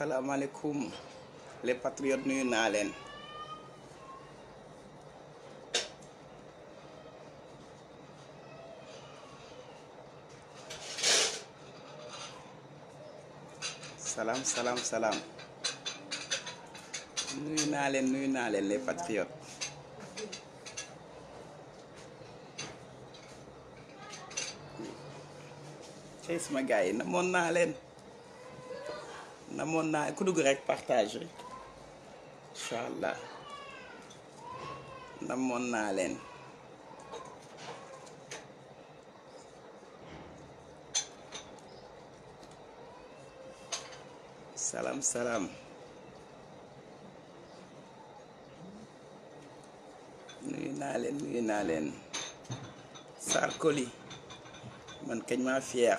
a Salam s u alaikum, les patriotes nu o s nalen. Salam, salam, salam. Nu o s nalen, nu s nalen, les patriotes. Chase my guy, namoon nalen. namon na ku rek partage inshallah Salam salam. salam Salam, salam. salaam nuyu naa je man fier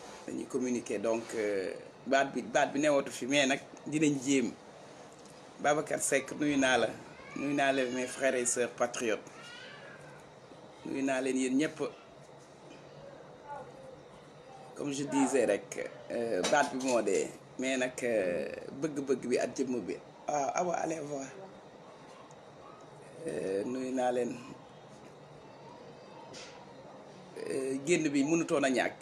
dañuy communiquer donc euh, baat bi baat bi newatu fi mais nag dinañ jéem Babacar Seck nuyu naa la nuyu naa leen mes frères et sœurs patriotes nuyu naa leen yéen ñëpp comme je disais rek euh, baat bi moo dee mais nag euh, bëgg-bëgg bi ak jëmm bi waaw ah, awa allez voir nuyu naa leen génn bi mënutoon a ñàkk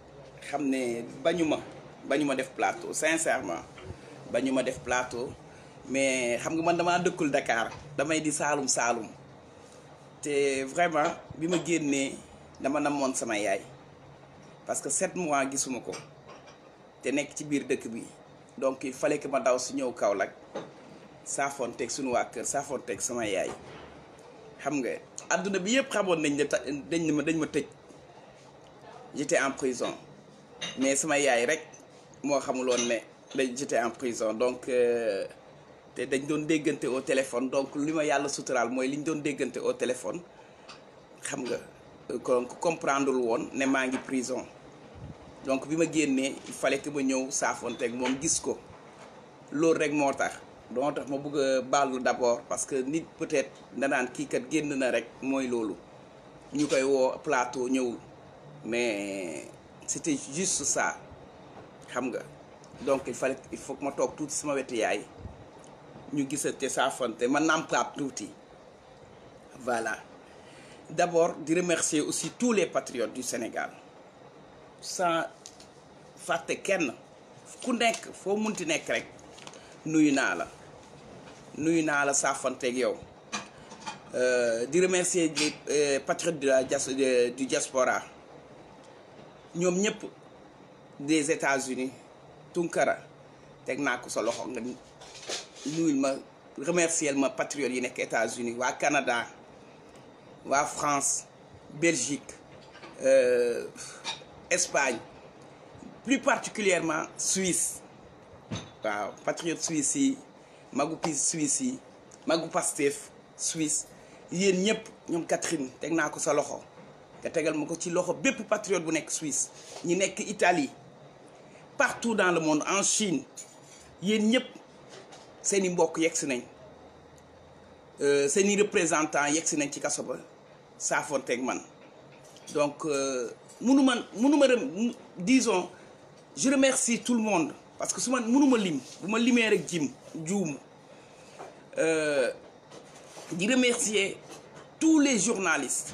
Je ne bañuma def plateau sincèrement bañuma def plateau mais xam nga man dama de Dakar damay di salum té vraiment je ma dama sama parce que sept mois té nek ci biir donc il fallait que je daw Kaolack suis suñu waa kër sama yaay xam nga aduna bi yépp suis dañ j'étais en prison mais sama yaay rek moo xamuloon né dañ jité en prison donc euh, té dañ doon déggante au téléphone donc li yalla yàlla moy liñ li ñu doon déggante au téléphone xam nga donc comprendre woon ne maa prison donc bima ma il fallait que ma ñëw saafonte ak mom gis ko lool rek mo tax do tax ma bëgg baalu d'abord parce que nit peut-être nan ki kat génn na rek moy lolu ñukay wo plateau ñëwul mais c'était juste ça Hamga donc il fallait il faut que ma ñu maintenant voilà d'abord je remercier aussi tous les patriotes du Sénégal sans kenn ku nek nous munti Nous, rek nous euh, remercier les euh, patriotes de du diaspora sommes ñep des États-Unis Tunkara teg naa ko sa loxo nga nuyul ma remercier ma patriote yi nek États-Unis wa Canada wa France Belgique euh, Espagne plus particulièrement Suisse wa patriote suisse yi magu Suisse yi magu Pastef Suisse yéen ñep ñom Catherine teg naa ko sa loxo nga tegal ma ci loxo bép patriote bu nek Suisse ñi nek Italie partout dans le monde en Chine yeen ñep seen mbokk yegg nañ euh i représentants yegg nañ ci kaso ba saafonteeg man donc munu euh, man munu ma disons je remercie tout le monde parce que suma ma munu ma lim bu ma limee rek jim euh di remercier tous les journalistes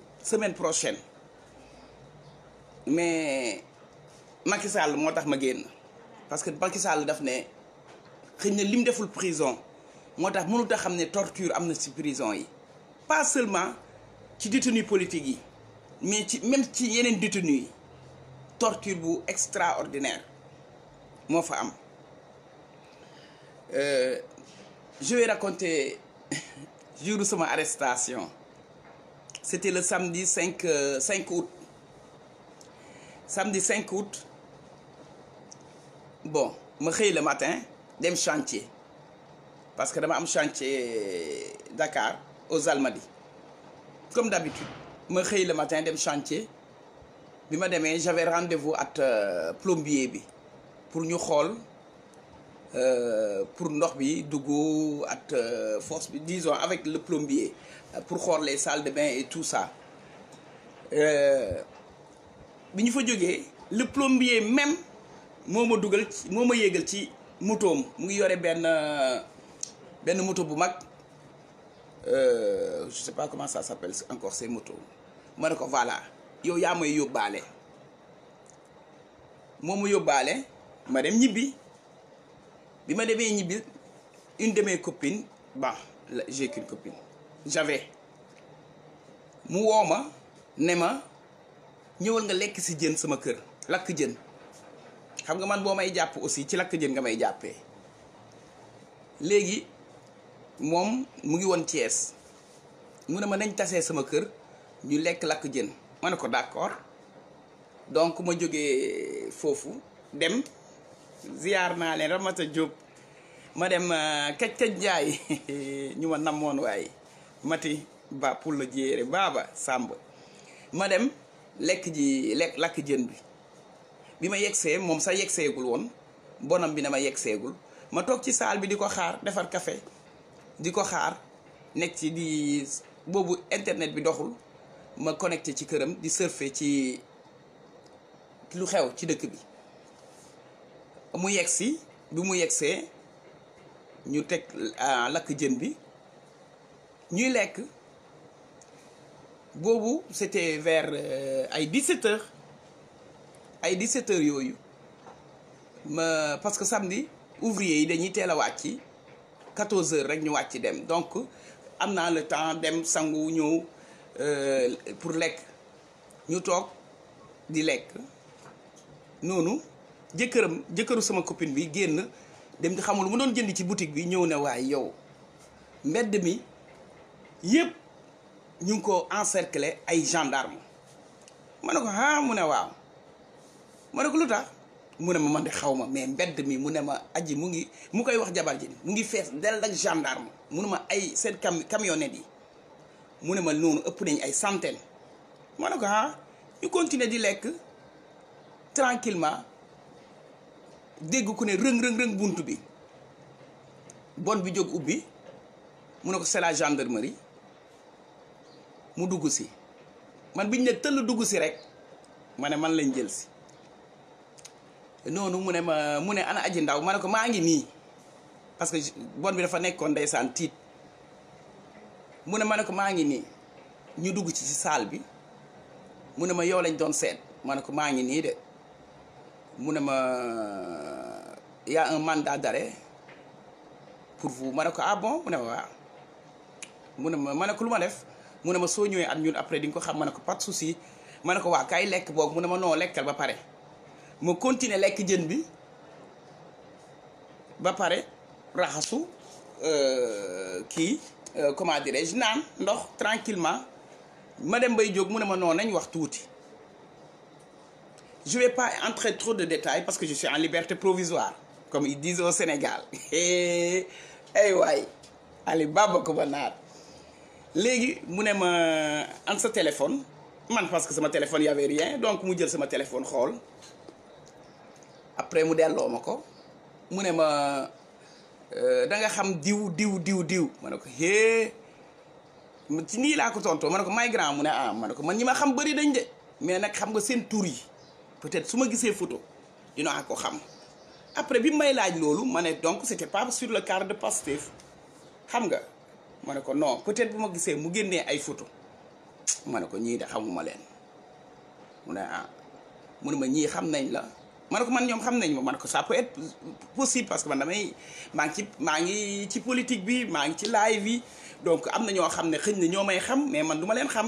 semaine prochaine mais Macky Sall moo tax ma guen parce que Macky daf né prison que torture prison pas seulement ci détenu politique mais ci même ci yenen détenu torture extraordinaire euh, je vais raconter jour ma arrestation c'était le samedi 5, euh, août. Samedi 5 août. Bon, je me le matin, d'un chantier. Parce que je un chantier euh, Dakar, aux Almadies. Comme d'habitude, je me le matin, d'un chantier. bi j'avais rendez-vous à euh, plombier pour ñu pour nous force disons avec le plombier pour les salles de bain et tout ça euh, Il le plombier même il ma ci moto euh, je sais pas comment ça s'appelle encore ces motos ma ne voilà yo pas. may ne sais ma ma dem Je une de mes copines bah j'ai qu'une copine j'avais mu woo ma ne ma ñëwal nga lekk si jën sama kër lakk jën xam nga man boo may jàpp aussi ci lakk jën nga may jàppee léegi moom mu ngi woon Thiès mu ne ma nañ tasee sama kër ñu lekk lakk jën ma ne ko d'accord donc ma jógee foofu dem ziyaar naa leen Ramata Diop ma dem Kaj euh, Kaj Njaay ñu ma namoon waaye mati ba pour la jéere baaba sàmba ma dem lekk ji lekk lakk jën bi bi ma yegsee moom sax yegseegul woon bonam bi dama ma yegseegul ma toog ci saal bi di ko xaar defar kafe di ko xaar nekk ci di boobu internet bi doxul ma connecté ci këram di surfer ci lu xew ci dëkk bi mu yegsi bi mu yegsee ñu teg ah, lakk jën bi ñuy lek bobu c'était vers euh, ay 17 h ay 17 heures yoyu ma parce que samedi ouvrier yi dañuy téla a 14 h rek ñu wàcc dem donc amna le temps dem sangu euh pour lek ñu tok di lek noonu jëkkëram jëkkëru sama copine bi génn dem di xamul mu doon jënd ci boutique bi ñëw ne waay yow mbedd mi. yëpp ñu ngi ko encercler ay gendarme mane ko ah mu ne waaw ma ne ko lu mu ne ma man de xaw ma mais mbedd mi mu ne ma aji mu ngi mu koy wax jabar ji mu ngi fees dell ak gendarme mu ne ma ay seen cam camionnette yi mu ne ma noonu ëpp nañ ay centaine ma ne ko ah ñu continuer di lekk tranquillement dégg ku ne rëng rëng rëng bunt bi bon bi jóg ubbi mu ne ko c'est la gendarmerie mu dugg si man biñ ne tëll dugg si rek ma ne man lañ jël si noonu mu ne ma mu ne ana aji ndaw ma ne ko maa ngi nii parce que bon bi dafa nekkoon ndeysaan tiit mu ne ma ne ko maa ngi nii ñu dugg ci ci saal bi mu ne ma yow lañ doon seet ma ne ko maa ngi nii de mu ne ma y a un mandat d'arrêt pour vous ma ne ko ah bon mu ne ma waaw mu ne ma ma ne ko lu ma def mu ne ma soo ñëwee at ñun après di nga ko xam ma ne ko pas de souci ma ne ko waa kay lekk boobu mu ne ma non lekkal ba pare ma continuer lekk jën bi ba pare raxasu euh, kii euh, comment dire, je naan ndox tranquillement ma dem bay jóg mu ne ma non nañ wax tuuti je vais pas entrer trop de détails parce que je suis en liberté provisoire comme ils disent au Sénégal ay eh, eh, waay Ali Baba ko Maintenant, ma téléphone man parce que mon téléphone y avait rien donc mu jël mon téléphone Khol. après mu ma Je da nga xam diw ma ko ko ma ko ah, mais je xam peut-être photo après bi may laaj je donc c'était pas sur le carte de ma ne ko non peut-être bu ma gisee mu génnee ay photo ma ne ko ñii de xamuma leen mu ne ah mu ne ma ñii xam nañ la ma ne ko man ñoom xam nañ ma ma ne ko ça peut être possible parce que man damay maa ngi ci maa ngi ci politique bi maa ngi ci live yi donc am na ñoo xam ne xëñ na ñoo may xam mais man du ma leen xam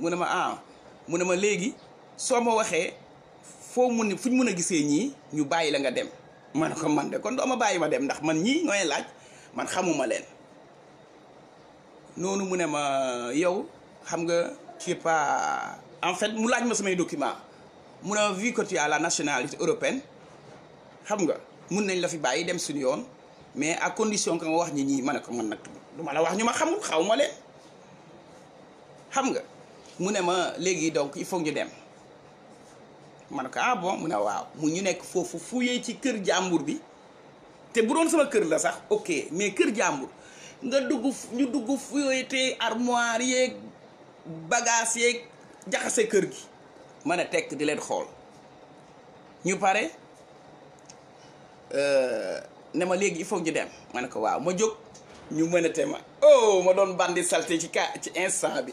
mu ne ma ah mu ne ma léegi soo ma waxee foo mun ne fuñ mun a gisee ñii ñu bàyyi la nga dem ma ne ko man de kon doo ma bàyyi ma dem ndax man ñii ñooy laaj man xamuma leen noonu mu ne ma yow xam nga tu es en fait mu laaj ma samay document mu vu que tu as la nationalité européenne xam nga mun nañ la fi bàyyi dem suñu yoon mais à condition que nga wax ñi ñii ma ne ko man nag du ma la wax ma xamul xaw ma xam nga mu ma léegi donc il faut ñu dem ma ne ko ah bon mu ne waaw mu ñu ci kër bi te bu doon sama kër la sax ok mais kër jàmbur nga dugg ñu duggu dugg te armoire yeeg bagage yeeg jaxase kër gi mën a tekk di leen xool ñu pare euh, ne ma léegi il faut ñu dem ma ne ko waaw ma jóg ñu mënate ma oh ma doon bandi salté ci ka ci instant bi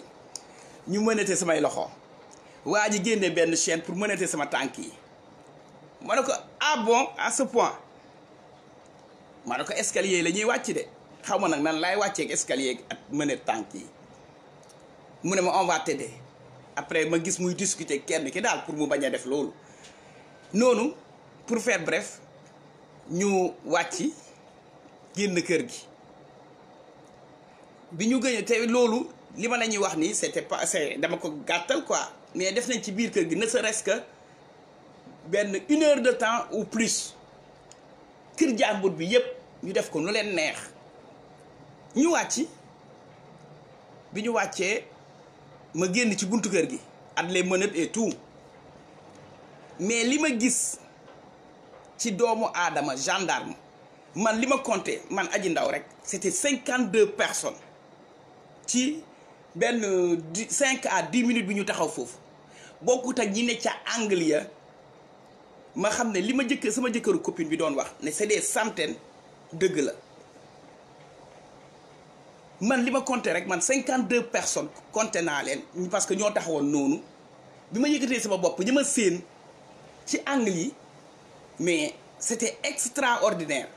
ñu mënate samay loxo waa ji génne benn chaine pour mënate sama tànk yi ma ne ko ah bon à ce point ma ne ko escalier la ñuy wàcc de xaw ma nag nan laay wàcceeg escalier ak mëne tànk yi mu ne ma on va t'aider après ma gis muy discuter kenn ki daal pour mu bañ a def loolu noonu pour faire bref ñu wàcc génn kër gi bi ñu gëñ te loolu li ma la ñuy wax nii c'était pas c'est dama ko gàttal quoi mais def nañ ci biir kër gi ne serait-ce benn une heure de temps ou plus kër jàmbur bi yëpp ñu def ko nu leen neex ñu wàcc bi ñu wàccee ma génn ci buntu kër gi at les menottes et tout mais li ma gis ci doomu aadama gendarme man li ma compté man aji ndaw rek te cinquante deux personnes ci benn cinq à dix minutes bi ñu taxaw foofu bokkut ak ñi ne ca Anglia ma xam ne li ma jëkk sama jëkkëru copine bi doon wax ne c'est des centaines dëgg la man li ma compté rek man cinquante deux personnes compté naa leen parce que ñoo taxawoon noonu bi ma yëkkatee sama bopp ñi ma séen ci angle yi mais c'était extraordinaire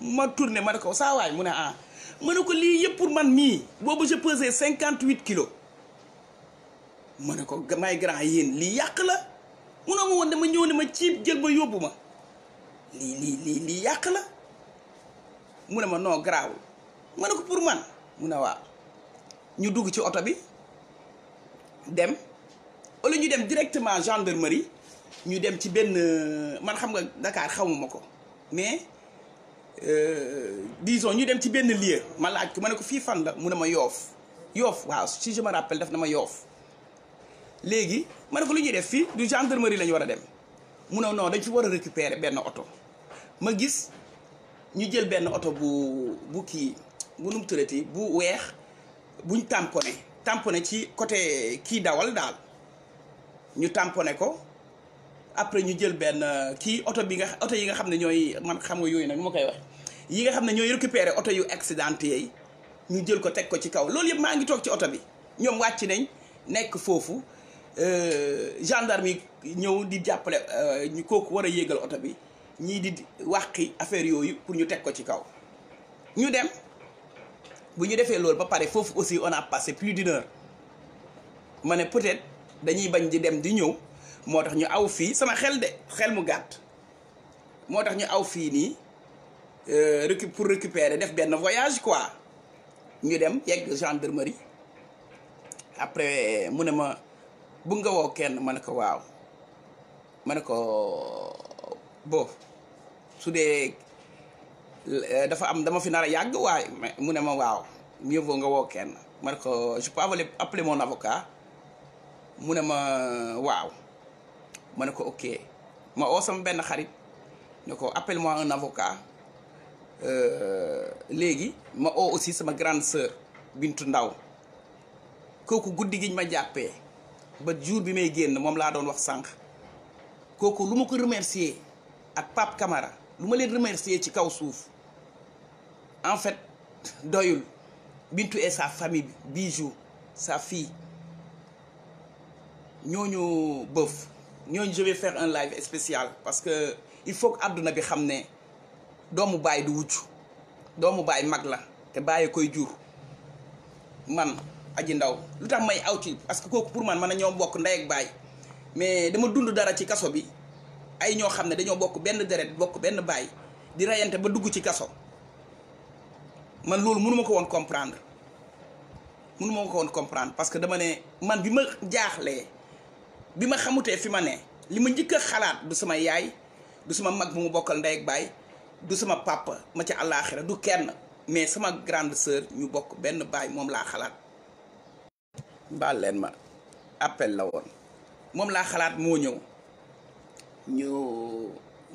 ma tourné ma ne ko saa mu ne ah ma ne ko lii yëpp pour man mii boobu je pesais cinquante huit kilos ma ne ko may grand yéen lii yàq la munoo ma woon dama ñëw ne ma ciib jël ba yóbbu ma lii lii lii lii yàq la mu ne ma noo garaawul ma ne ko pour man mu ne waaw ñu dugg ci oto bi dem wala ñu dem directement gendarmerie ñu dem ci benn man xam nga ndakaar xamuma ko mais euh, disons ñu dem ci benn lieu ma laaj ki ma ne ko fii fan la mu ne ma yoof yoof waaw si je rappelle daf na ma yoof léegi ma ko lu ñuy def fii du gendarmerie la ñu war a dem mu ne dañ fi war a récupérer benn oto ma gis ñu jël benn oto bu bu kii bu nu mu turati bu weex buñ tamponné tamponné ci côté kii dawal daal ñu tamponné ko après ñu jël benn euh, kii oto bi nga oto yi nga xam ne ñooy man xam nga yooyu nag ma koy wax yi nga xam ne ñooy récupérer oto yu accidenté yi ñu jël ko teg ko ci kaw loolu yëpp maa ngi toog ci oto bi ñoom wàcc nañ nekk foofu Euh, gendarme yi ñëw di jàppale euh, ñu kooku war a yéegal oto bi ñii di wàqi affaire yooyu pour ñu teg ko ci kaw ñu dem bu ñu defee loolu ba pare foofu aussi on a passé plus d'une ma ne peut-être dañuy bañ di dem di ñëw moo tax ñu aw fii sama xel de xel mu gàtt moo tax ñu aw fii nii euh, récu pour récupérer def benn voyage quoi ñu dem yegg gendarmerie après mu ne ma bu nga woo kenn ma ne ko waaw ma ne ko boo su dee eh, dafa am dama fi nar a yàgg waaye mu ne ma waaw mieux vaut nga woo kenn ma ne ko je peux appeler mon avocat mu ne ma waaw ma ne ko ok ma oo sama benn xarit ne ko appelle-moi un avocat euh, léegi ma oo aussi sama grande sœur Bintu Ndaw kooku guddi giñ ma jàppee ba jour bi may génn moom laa doon wax sànq kooku lu ma ko remercier ak Pape Camara lu ma leen remercier ci kaw suuf en fait doyul Bintu et sa famille bi Bijou sa fille ñooñu bëf ñooñu je vais faire un live spécial parce que il faut que àdduna bi xam ne doomu baay du wujj doomu baay mag la te bàyyi koy jur man aji ndaw lu tax may aw ci parce que pour man man ñoo bok nday ak bay mais dama dund dara ci kasso bi ay ñoo xamne dañoo bok benn deret bok benn bay di rayante ba dugg ci kasso man lool mënu mako won comprendre mënu mako won comprendre parce que dama ne man bima ma bima xamuté fi ma né lima jikko xalaat du sama yaay du sama mag bu mu bokal nday ak bay du sama papa ma ci alakhirah du kenn mais sama grande sœur ñu bok benn bay mom la xalaat baal leen ma appel la woon moom laa xalaat moo ñëw ñu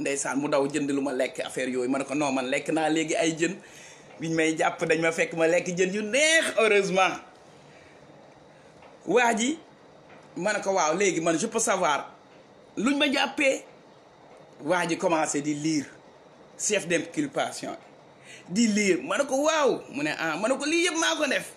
ndeysaan mu daw jënd lu ma lekk affaire yooyu man ne ko non man lekk naa léegi ay jën biñ may jàpp dañ ma fekk ma lekk jën yu neex heureusement waa ji ma ne ko waaw léegi man je peux savoir luñ ma jàppee waa ji commencé di lire chef d'inculpation di lire ma ne ko waaw mu ne ah ma ne ko lii yëpp maa ko def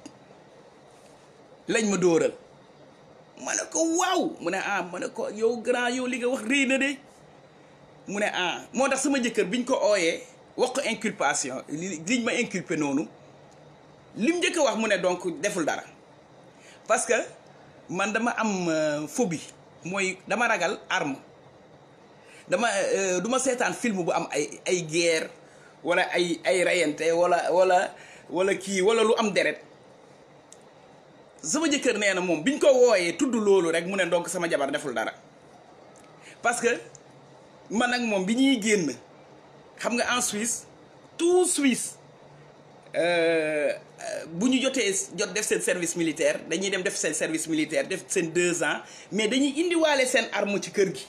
lañ ma dóoral ma ne ko waaw mu ne ah ma ne ko yow grand yow li nga wax rëy na de mu ne ah moo tax sama jëkkër biñ ko ooyee wax ko inculpation liñ ma inculpé noonu lim njëkk a wax mu ne donc deful dara parce que man dama am fobi euh, mooy dama ragal arme dama euh, du seetaan film bu am ay ay guerre wala ay ay rayante wala walla wala kii wala lu am deret sama jëkkër nee na moom ñu ko wooyee tudd loolu rek mu ne donc sama jabar deful dara parce que man ak moom bi ñuy génn xam nga en Suisse tout Suisse euh, bu ñu jotee jot def seen service militaire dañuy dem def seen service militaire def seen deux ans mais dañuy indiwaale seen arme ci kër gi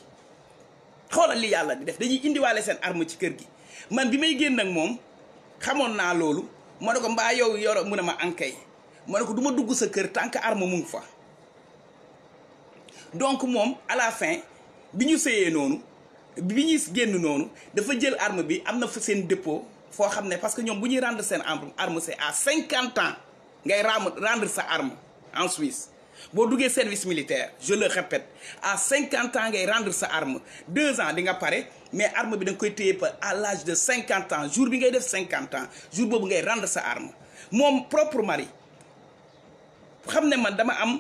xoolal li yàlla di def dañuy indiwaale seen arme ci kër gi man bi may génn ak moom xamoon naa loolu ma ne ko mbaa yow yoro mu ne ma ankay ma ne ko du ma dugg sa kër tant que arme mu ngi fa donc moom à la fin bi ñu sëyee noonu bi ñuy génn noonu dafa jël arme bi am na fa seen dépôt foo xam ne parce que ñoom bu ñuy rendre seen arme c'est à cinquante ans ngay rendre sa arme en Suisse boo duggee service militaire je le répète à cinquante ans ngay rendre sa arme deux ans di nga pare mais arme bi da nga koy téye à l'âge de cinquante ans jour bi ngay def cinquante ans jour boobu ngay rendre sa arme moom propre mari xam ne man dama am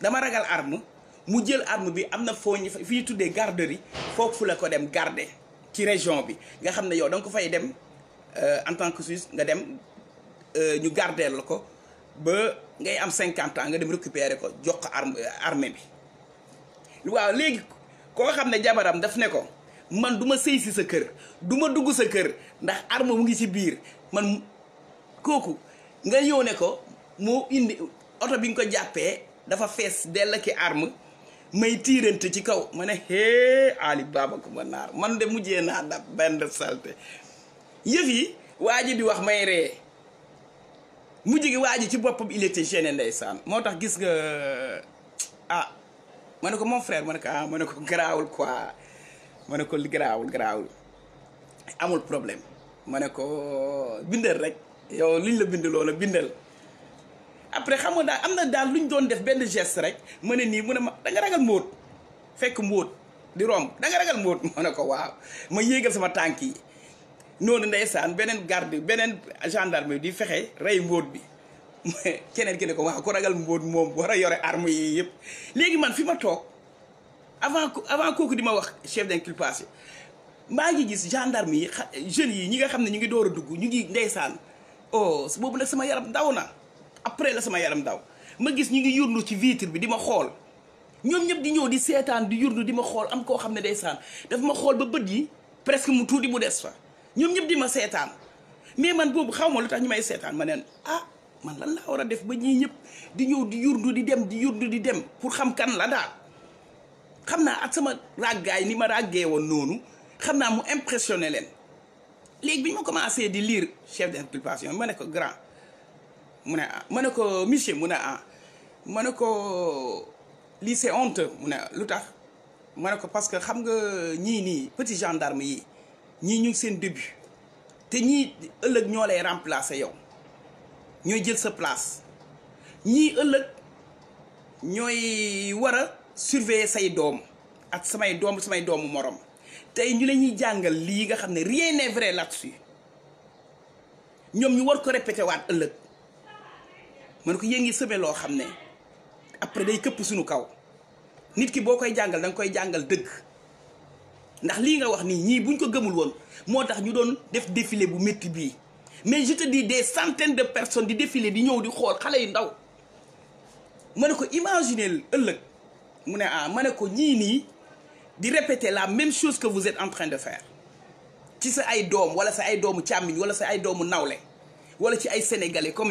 dama ragal arme mu jël arme bi am na foo ñu fi ñu tuddee garderie foofu la ko dem garder ci région bi nga xam ne yow da nga ko fay dem euh, en tant que Suisse nga dem euh, ñu garder la ko ba ngay am 50 ans nga dem récupérer ko jox ko arme euh, armée bi waaw léegi koo xam ne jabaram daf ne ko man duma ma sëy si sa kër du ma dugg sa kër ndax arme mu ngi ci biir man kooku nga ñëw ne ko moo indi oto bi nga ko jàppee dafa fees dell ki arme may tiirante ci kaw ma ne hee Ali Baba ko ma naar man de mujjee naa dab benn salte yëf yi waa ji di wax may ree mujj gi waa ji ci boppam il était gêné ndeysaan moo tax gis nga ah ma ne ko mon frère ma ne ko ah ma ne ko garaawul quoi ma ne ko li garaawul amul problème ma ne ko bindal rek yow liñ la bind a bindal après xam nga daal am na daal lu ñu doon def benn gest rek ma ne nii mu ne ma da nga ragal mbóot fekk mbóot di romb da nga ragal mbóot ma ne ko waaw ma yéegal sama tànk yi noonu ndeysaan beneen garde beneen gendarme di fexe rey mbóot bi keneen ki ne ko waaw ku ragal mbóot moom war a yore arme yi yëpp léegi man fi ma toog avant avant kooku di ma wax chef d'inculpation maa ngi gis gendarme yi jeunes yi ñi nga xam ne ñu ngi door a dugg ñu ngi ndeysaan oh boobu nag sama yaram ndaw na après la sama yaram daw ma gis ñu ngi yurndu ci vitre bi di ma xool ñoom ñëpp di ñëw di seetaan di yurndu di ma xool am koo xam ne day saan daf ma xool ba bët yi presque mu tuuti mu des fa ñoom ñëpp di ma seetaan mais man boobu xaw ma lu tax ñu may seetaan ma neen ah man lan laa war a def ba ñii ñëpp di ñëw di yurndu di dem di yurndu di dem pour xam kan la daal xam naa ak sama ràggaay ni ma ràggee woon noonu xam naa mu impressionné leen léegi bi ñu ma commencé di lire chef d'inculpation ma ne ko grand mu ne ah ma ne ko monsieur mu ne ah ma ne ko lii c'est honteux mu ne lu tax ma ne ko parce que xam nga ñii nii petit gendarme yi ñii ñu seen début te ñii ëllëg ñoo lay remplacer yow ñooy jël sa place ñii ëllëg ñooy war a surveiller say doom ak samay doom samay doomu morom tey ñu la ñuy jàngal lii nga xam ne rien n'est vrai là ñoom ñu war ko répété waat ëllëg man ko vous avez après day këpp suñu kaw nit ki vous koy nga wax buñ ko def défilé bu mais je te dis des centaines de personnes di défilé di ñëw di xor xalé yi ndaw ah répéter la même chose que vous êtes en train de faire ci sa ay doom wala sa ay doomu wala sa ay wala ci ay sénégalais comme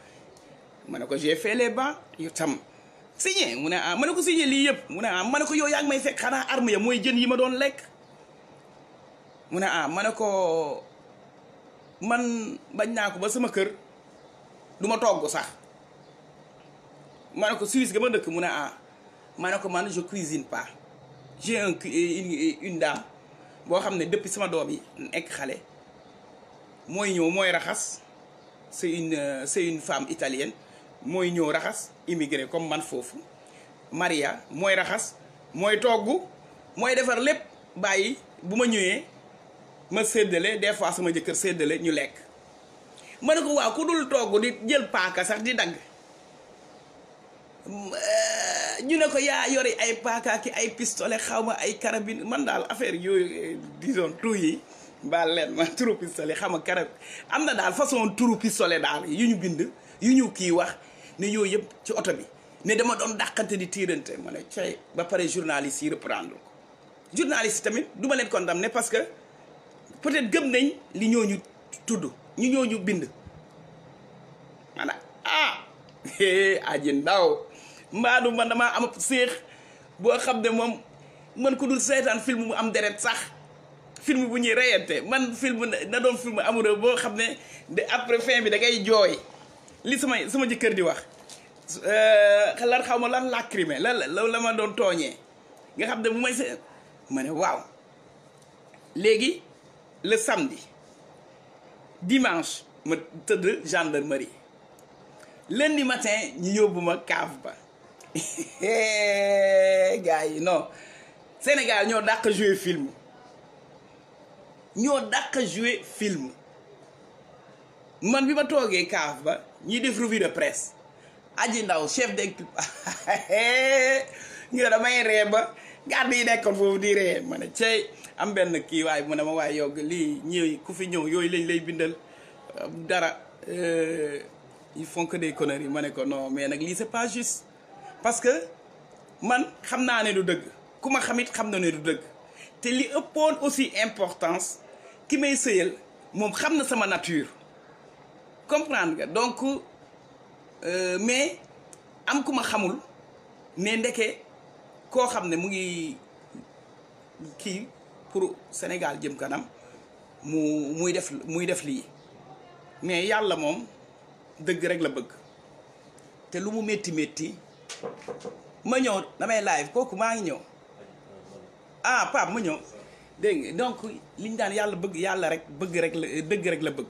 ma ne ko j'ai fait les bancs yu tam signé mu ne ah ma ko signé lii yëpp mu ne ah ma ne ko may fekk xanaa arme ya mooy jën yi ma doon lekk mu ne ah mane ne ko man bañ naa ko ba sama kër du togg sax ma ne ko Suisse ga dëkk mu ne ah ma ne ko man je cuisine pas j'ai un une boo xam ne depuis sama doom yi nekk xale mooy ñëw mooy raxas c'est une euh, c'est une femme italienne mooy ñëw raxas immigré comme man foofu Maria mooy raxas mooy toggu mooy defar lépp bàyyi bu ma ñëwee ma séddale des fois sama jëkkër séddale ñu lekk ma ne ko waaw ku dul togg di jël paaka sax di dagg euh, ñu ne ko yaa yori ay paaka ki ay pistolet xaw ma ay carabine man daal affaire yooyu euh, disons tout yi baal leen ma turu pistolet xam nga carab am na daal façon turu pistolet daal yu ñu bind yu ñu kii wax ne yooyu yëpp ci oto bi ne dama doon dàqante di tiirante ma ne cay ba pare journaliste yi reprendre ko journaliste tamit du ma leen condamné parce que peut-être gëm nañ li ñooñu tudd ñu ñooñu bind maanaam ah aji eh, ndaw mbaadu man damaa am séex boo xam ne moom man ko dul seetaan film mu am deret sax film bu ñuy reyante man film na doon film amoureux boo xam ne de après fin bi da ngay jooy li sama sama jëkkër di wax euh, lan xaw ma lan lacrimé lan la ma doon tooñee nga xam de bu may see ma ne waaw léegi le samedi dimanche ma tëdd gendarmerie lundi matin ñu yóbbu ma kaaf ba gars yi non Sénégal ñoo dàq jouer film ñoo dàq jouer film man bi ma toogee kaaf ba ñiy def revue de presse aji ndaw chef d'équipe ngi damay ree ba garde yi nekkoon foofu di ree ma ne cey am benn kii waaye mu ne ma waaye yow lii ñëw ku fi ñëw yooyu lañ lay bindal dara euh, il font que des conneries ma ne ko non mais nag lii c'est pas juste parce que man xam naa ne du dëgg ku ma xamit xam na ne du dëgg te li ëppoon aussi importance ki may sëyal moom xam na sama nature comprendre nga donc euh, mais am ku ma xamul mais ndeke koo xam ne mu ngi kii pour Sénégal jëm kanam mu muy def muy def lii mais yàlla moom dëgg rek la bëgg te lu mu métti métti ma ñëw damay live kooku maa ngi ñëw ah Pape ma ñëw dégg nga donc liñ daan yàlla bëgg yàlla rek bëgg rek la dëgg rek la bëgg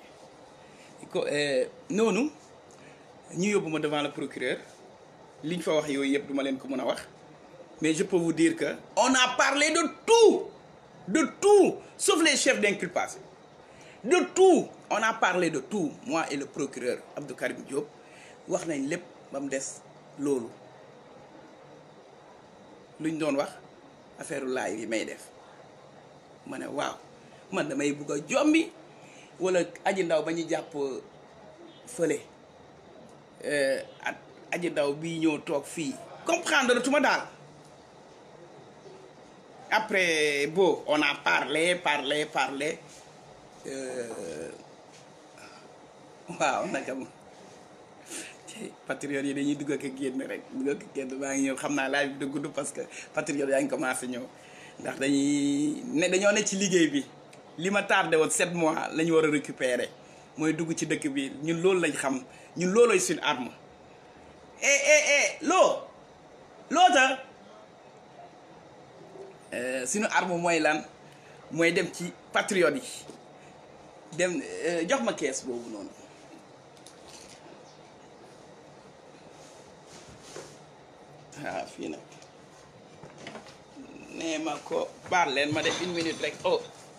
nous, eh, nous devant le procureur mais je peux vous dire que on a parlé de tout de tout sauf les chefs d'inculpation de tout on a parlé de tout moi et le procureur Abdou Karim Diop parlé de tout. Nous avons parlé de tout. Nous avons parlé de tout. Nous avons parlé man avons parlé wala aji ndaw ba ñu jàpp euh, fële euh, at aji ndaw bii ñëw toog fii comprendre tuma daal après bon on a parlé parlé parlé euh, waaw naka moom patriote yi dañuy dugg ak génn rek dugg ak génn maa ngi ñëw xam naa laaj bi parce que patriote yaa ngi commencé ñëw ndax dañuy ne dañoo ne ci liggéey bi li ma tardé woon sept mois la war a récupérer mooy dugg ci dëkk bi ñun loolu lañ xam ñun loolooy suñu arme eh eh eh loo loo euh, suñu arme mooy lan mooy dem ci patriote yi dem euh, jox ma kees boobu noonu waaw ah, fii nag nee ma ko baar leen ma def une minute rek oh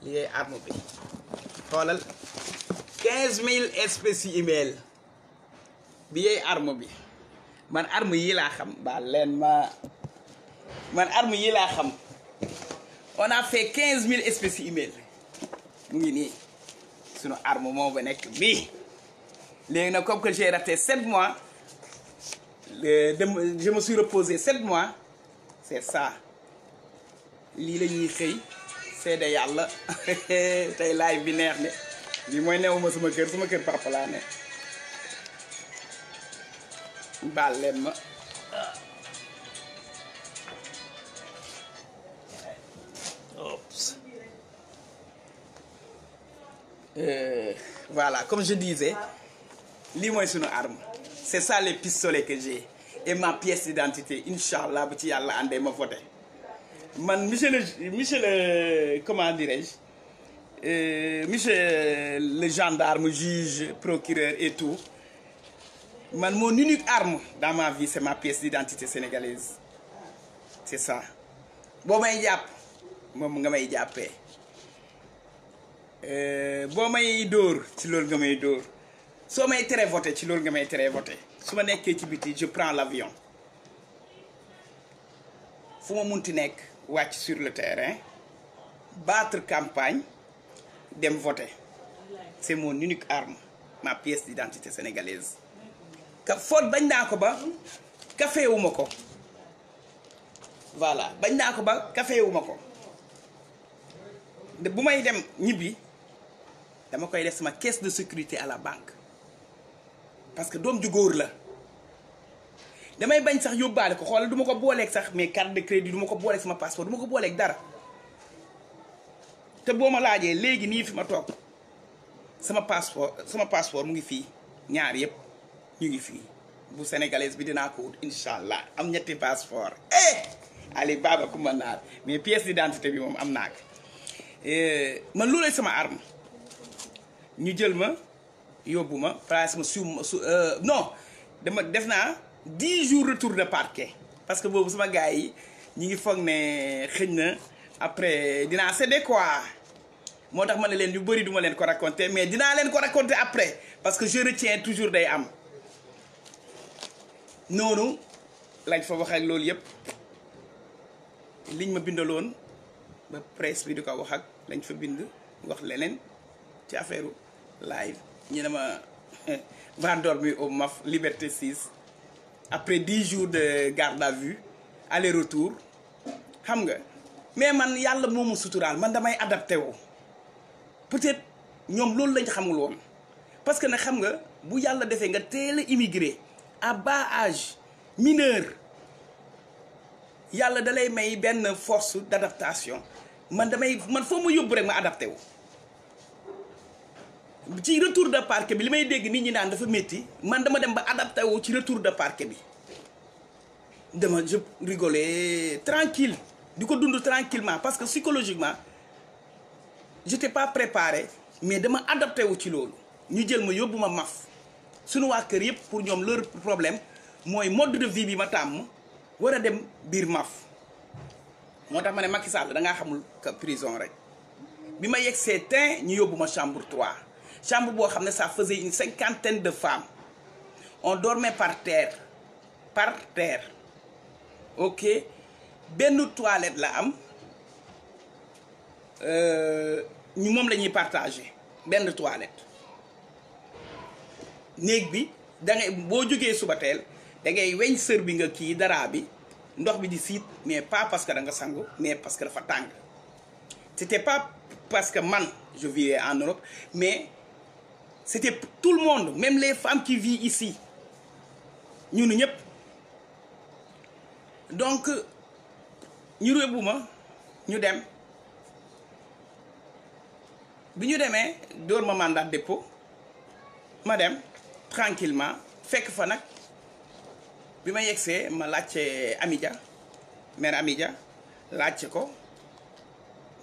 15 arme bi espèces e-mail bi yey arme bi man arme yi laa xam ba on a fait 15 000 espèces e-mail mu ngi sunu arme moo comme que j'ai raté 7 mois je me suis reposé 7 mois c'est ça C'est la seede yalla tay live bi neex ne bi moy newuma suma kër suma kër papa laa ne baal leen euh, voilà comme je disais li moy sunu arme c'est ça les pistolets que j'ai et ma pièce d'identité inchallah allah bu ci yàlla ma voté man monsieur le comment dirais-je euh, gendarme juge procureur et tout mon unique arme dans ma vie c'est ma pièce d'identité sénégalaise c'est ça Je may suis nga may euh may dor ci nga suis may voté ci nga may voté suma nekké ci biti je prends l'avion munti nek. Watch sur le terrain battre campagne dem voter c'est mon unique arme ma pièce d'identité sénégalaise ka faute bañ ko ba ou ko voilà bañ café ko ba kafeewuma ko bu may dem ñibi dama koy def ma caisse de sécurité à la banque parce que doom du goût la damay bañ sax yóbbaale ko xoolal du ma ko booleeg sax mais carte de crédit duma ko booleeg sama passeport du ko booleeg dara te boo ma laajee léegi nii fi ma toog sama passeport sama passeport mu ngi fii ñaar yëpp ñu ngi fii bu sénégalaise bi dinaa ko wut incha allah am ñetti passeport eh Ali Baba ku ma naar mais pièce d'identité bi moom am naa ko eh, man loolay sama arm ñu jël ma yóbbu ma place ma su euh, non dama def naa. 10 jours retour de parquet parce que vous sama gars yi ñi ngi après quoi Moi, je ne pas vous raconter mais je vais ko raconter après parce que je retiens toujours day non non lañ fa wax ak liñ ma ba presse bi ko wax ak lañ fa bind wax ci fait live Je ne vous dormir au MAF Liberté 6 après 10 jours de garde à vue aller-retour xam nga mais man yalla moo ma man damay adapté wu peut-être ñom loolu lañ xamul woon parce que nag xam nga bu yalla défé nga télé immigré à bas âge mineur Yalla dalay may ben force d'adaptation man damay man fo mu yóbbu rek ma adapté wu ci retour de parquet bi limay dégg nit ñi naan dafa metti man dama dem ba adapté wu ci retour de parquet bi dama je rigolé tranquille diko dund tranquillement parce que psychologiquement j'étais pas préparé mais dama adapté wu ci lolu ñu jël ma yobuma maf suñu wa kër yépp pour ñom leur problème moy mode de vie bi ma tam wara dem bir maf motax mané Macky Sall da nga xamul prison rek bima yexé tin ñu yobuma chambre 3 chambre ça faisait une cinquantaine de femmes on dormait par terre par terre ok benn toilette la Nous euh, ñu partagé toilette bi da ngay boo jógee suba da ngay vous sër bi nga mais pas parce que da nga mais parce que c'était pas parce que je vivais en Europe mais c'était tout le monde, même les femmes qui vivent ici. Nous, nous, Donc, nous nous nous, ñu nous sommes dépôt Madame, tranquillement fekk fa nous, bi ma ma là. Amidia mère Amidia Je ko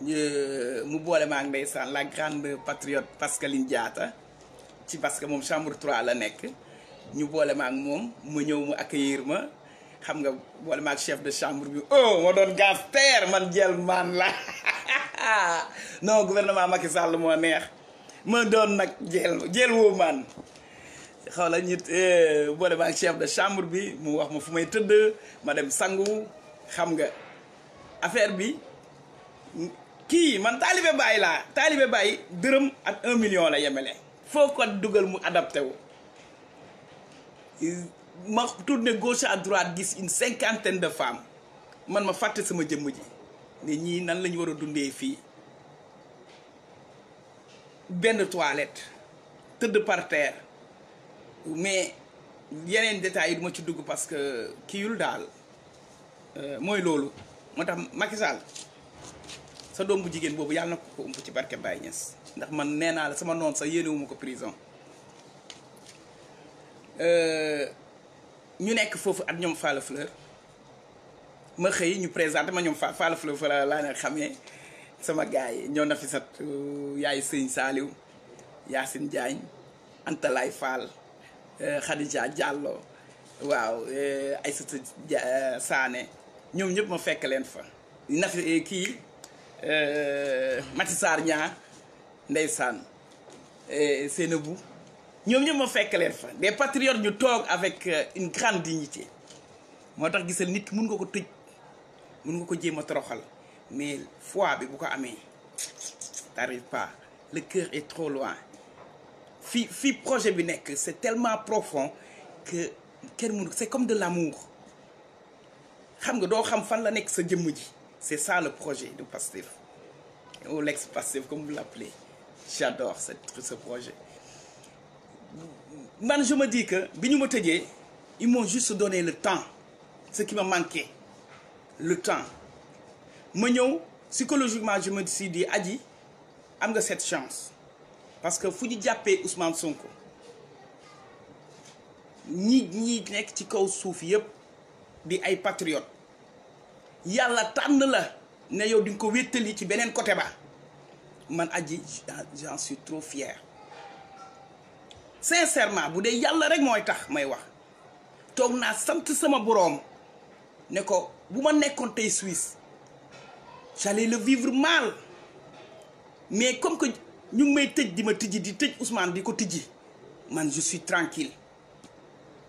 ma la grande patriote Pascaline Diata. ci parce que mom chambre 3 la nek ñu bolé ma ak mom ma ñew mu accueillir ma xam nga bolé ma ak chef de chambre bi oh mo don gas terre man jël man la non gouvernement Macky Sall mo neex ma don nak jël jël wo man xawla ñit euh bolé ma ak chef de chambre bi mu wax ma fumay teud ma dem sangu xam nga affaire bi ki man talibé bay la talibé bay deureum ak 1 million la yemelé foo ko dugal mu adapté wu ma tourné gauche à droite gis une cinquantaine de femmes man ma fàtte sama jëmm ji ne ñii nan lañu war a dundee fii benn toilette tëdd par mais yeneen détails yi duma ci dugg parce que kii kiiwul daal euh, mooy loolu moo tax Macky Sall sa doom bu jigéen boobu yàlla na ko ko ëmb ci barke Baye Niass ndax man nee naa la sama noon sax yéenewuma ko prison euh, ñu nekk foofu ak ñoom Falla Fleur ma xëy ñu présenté ma ñoom Falla Falla Fleur fa laa ne xamee sama gars yi ñoo na fi sat euh, yaay sëñ Saaliw Yacine Diagne Anta Lay Fall Khadija euh, Diallo waaw Aïssata saane ñoom ñëpp ma fekk leen fa na kii Mati ñaa ndeysaan eh, Sénébou nous. ñëpp ma fekk leen fa des patriotes nous toog avec euh, une grande dignité pense que gisal nit ki mun nga ko tëj mun nga ko toroxal mais foi bi bu ko amee pas le cœur est trop loin le projet bi c'est tellement profond que c'est comme de l'amour xam nga doo xam fan c'est ça le projet du Pastif ou lex pastif comme vous l'appelez J'adore ce, ce projet. Man, je me dis que, ils m'ont juste donné le temps. Ce qui me manquait. Le temps. Mignon, psychologiquement, je me suis dit, Adi, j'ai cette chance. Parce que Foudi Diapé Ousmane Sonko, ñi ñi nekk ci kaw suuf yépp di ay patriote yàlla tànn la ne yow di nga ko wéttali ci côté man aji j'en suis trop fier sincèrement bu yalla rek moy tax may wax tok na sant sama borom ne ko bu ma nekkoon tey Suisse j'allais le vivre mal mais comme que ñu may tëj di ma tijji di tëj Ousmane diko ko man je suis tranquille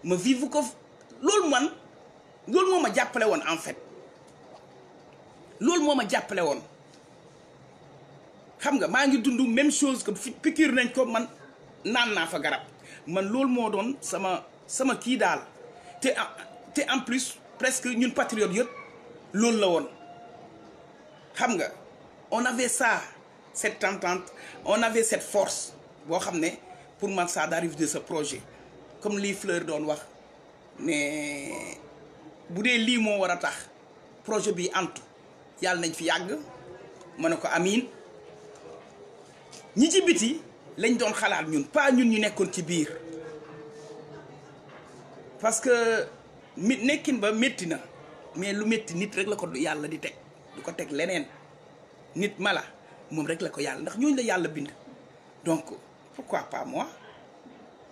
ma vivre ko lool man lool moma ma won en fait lool moma ma won xam nga maa ngi dund même chose que piqûre nañ ko man naan naa fa garab man loolu moo doon sama sama kii daal te te en plus presque ñun patriotes yëpp loolu la woon xam nga on avait ça cette entente on avait cette force boo xam ne pour man ça d'arrive de ce projet comme lii Fleur doon wax ne bu dee lii moo war a tax projet bi antu yàlla nañ fi yàgg ma ne ko amiin ñi ci biti lañ doon xalaat ñun pas ñun ñu nekkoon ci biir parce que mi nekkin ba métti na mais lu metti nit rek la ko yàlla di teg du ko teg leneen nit mala moom rek la ko yàlla ndax ñooñu la yàlla bind donc pourquoi pas moi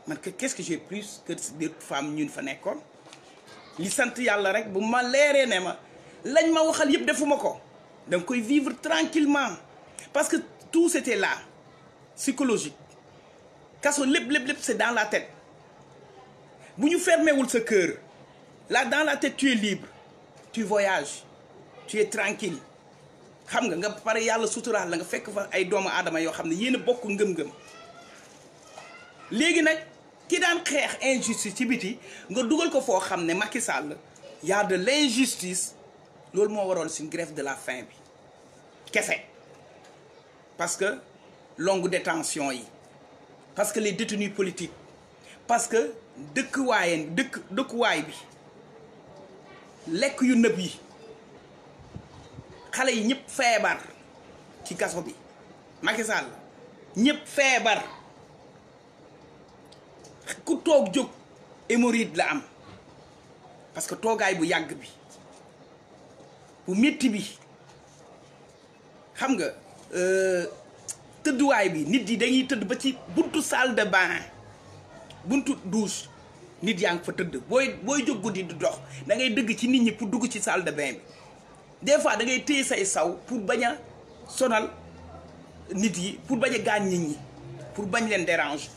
man que qu'est-ce que j'ai plus que d'autres femmes ñun fa nekkoon li sant yàlla rek bu ma leeree ne ma lañ ma waxal yëpp defuma ko danga koy vivre tranquillement parce que tout c'était là psychologique kaso lépp tout, tout, c'est dans la tête Si nous fermons ce cœur là dans la tête tu es libre tu voyages tu es tranquille xam nga nga souterrain, yàlla que la nga fekk fa ay doomu aadama tu a bokk ngëm-ngëm léegi nag ki daan xeex injustice ci biti nga dugal ko foo xam ne Macky Sall y a de l'injustice loolu moo waroon une grève de la faim Qu'est-ce que c'est? parce que longue détention parce que les détenus politiques parce que les dëkk dëkkuwaay bi lek yu neub yi xalé yi ñëpp ci kasso bi Macky Sall ñepp ku tok hémorroïde la am parce que toi bu yàgg bi bu bi xam nga euh, tëdduwaay bi nit yi dangay tëdd ba ci buntu salle de bain buntu douche nit yaa ngi fa tëdd booy booy jóg guddi di dox da ngay dëgg ci nit ñi pour dugg ci salle de bain bi des fois da ngay téye say saw pour bañ a sonal nit yi pour bañ a gaañ ñi pour bañ leen derange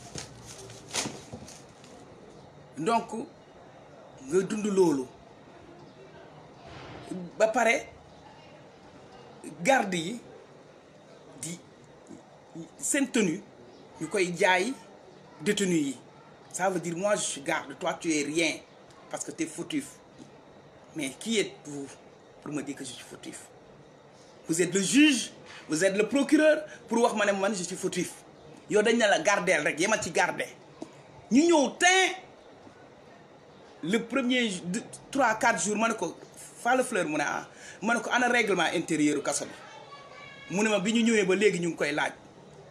donc nga dund loolu ba pare garde yi sainte tenue nous koy jaay détenu ça veut dire moi je suis garde toi tu es rien parce que tu es fautif mais qui êtes-vous pour me dire que je suis fautif vous êtes le juge vous êtes le procureur pour voir que man je suis fautif Vous dañ ne la gardeel rek yema ci garde ñu ñëw le premier trois quatre jours je suis ko Fleur Je suis ah règlement intérieur Je suis bi règlement ne ma bi ñu ba ñu koy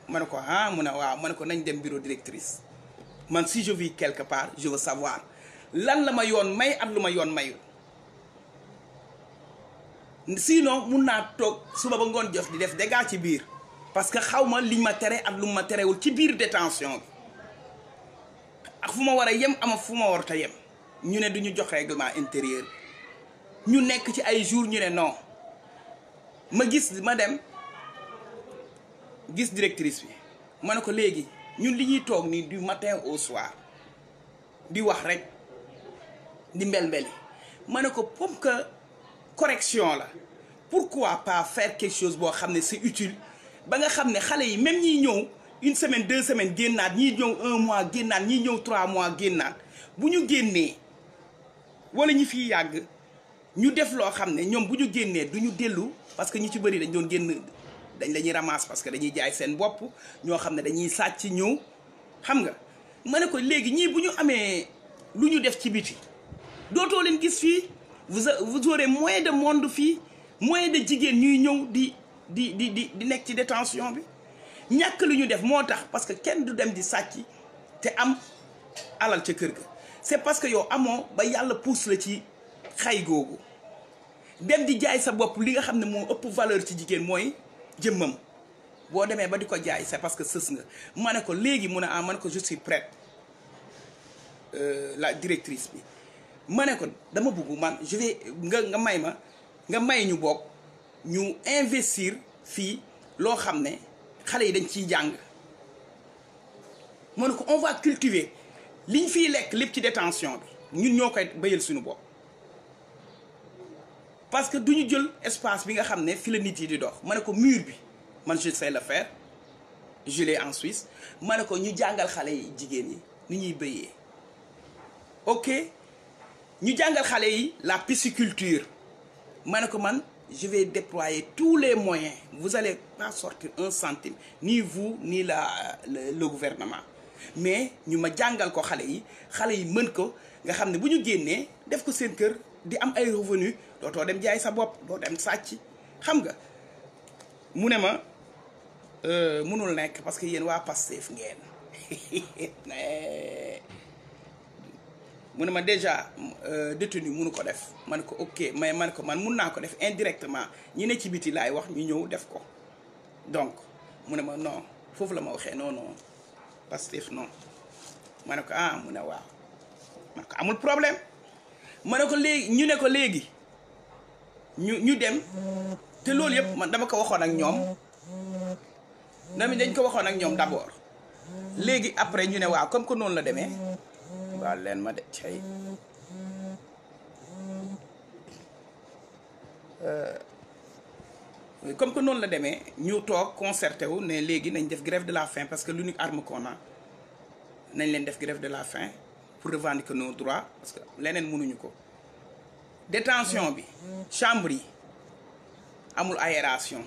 mane ne ko ah mu waaw ma ne ko nañ dem bureau directrice man si je vis quelque part je veux savoir lan la ma yoon may ak lu ma yoon mayul sinon mun naa toog suba ba ngoon jot di def dégâts ci biir parce que xaw ma liñ ma tere ak lu ma terewul ci biir détention bi ak fu ma war a yem ama fu ma war ta yem ñu ne duñu jox règlement intérieur ñu nekk ci ay jours ñu ne non ma gis ma dem gis directrice bi ma ne ko léegi ñun li ñuy toog nii du matin au soir di wax rek di mbel-mbeli ma ne ko comme que correction la pourquoi pas faire quelque chose boo xam ne c'est utile ba nga xam ne xale yi même ñiy ñëw une semaine deux semaines génnaat ñiy ñëw un mois génnaat ñiy ñëw trois mois génnaat bu ñu génnee wala ñi fiy yàgg ñu def loo xam ne ñoom bu ñu génnee du ñu dellu parce que ñi ci bëri dañ doon génn dañ lañuy ñuy ramasse parce que dañuy jaay seen bopp ñoo xam ne dañuy sàcc ñëw xam nga ma ne ko léegi ñii bu ñu amee lu ñu def ci biti dootoo leen gis fii vous vous aurez moins de monde fii moins de jigéen ñuy ñëw di di di di di nekk ci détention bi ñàkk lu ñu def moo tax parce que kenn du dem di sàcc te am alal ca kër ga c'est parce que yow amoo ba yàlla pousse la ci xay googu dem di jaay sa bopp li nga xam ne moo ëpp valeur ci jigéen mooy jëmmam bo démé ba diko jaay c'est parce que sës nga mané ko légui mu ne ah ko je suis prête euh, la directrice bi mané ko dama bëgg man je vais nga nga may ma nga may ñu bok ñu investir fi lo xamné xalé yi dañ ci jang mané ko on va cultiver liñ fiy lek lépp ci détention bi ñun ñokay koy suñu bok parce que du ñu jël espace bi nga xam ne fi la nit yi di dox ma ne ko mur bi man je sais le faire je l'ai en Suisse ma ne ko ñu jàngal xale yi jigéen yi nu ñuy béyee ok ñu jàngal xale yi la pisciculture ma ko man je vais déployer tous les moyens vous allez pas sortir un centime ni vous ni la le gouvernement mais ñu ma jàngal ko xale yi xale yi mën ko nga xam ne bu def ko seen kër di am ay revenu dootoo dem jaay sa bop do dem satchi xam nga munema ne euh, munul parce que yéen wa Pastef ngeen munema ne euh déjà détenu ko def man ko ok mais man man mun ko def indirectement ñi ne ci biti lay wax ñu ñew def donc munema non fofu la ma non non Pastef non ah munewa problème ma ne ko léegi ñu ne ko léegi ñu ñu dem te loolu yëpp man dama ko waxoon ak ñoom nami dañ ko waxoon ak ñoom d'abord léegi après ñu ne waaw comme que noonu la demee baal leen ma de cay euh, comme que noonu la demee ñu toog concerté wu ne léegi nañ def grève de la fin parce que lu l'unique arme qu'on na nañ leen def grève de la faim pour revendiquer nos droits parce que leneen mënuñu ko détention bi chambre yi amul aération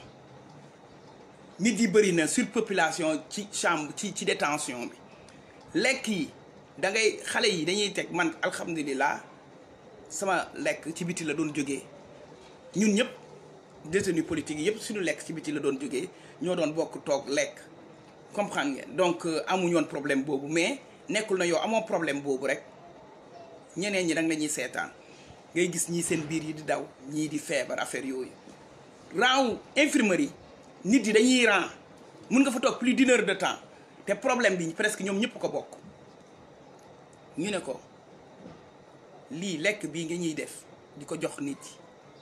Ni yi bëri na surpopulation ci chambre ci ci détention bi lekk yi da ngay xale yi dañuy tek man alhamdoulillah sama lekk ci biti la doon jógee ñun ñep détenu politique yep suñu lekk ci biti la doon jógee ño doon bok tok lekk comprendre ngeen donc euh, amuñoon problème bobu mais nekkul na yow amoon problème boobu rek ñeneen ñi nag la ñuy seetaan ngay gis ñii seen biir yi di daw ñii di feebar affaire yooyu. rang infirmerie nit yi dañuy rang mun nga fa toog plus d'une de temps te problème bi presque ñoom ñëpp ko bokk ñu ne ko lii lekk bii nga ñuy def di ko jox nit yi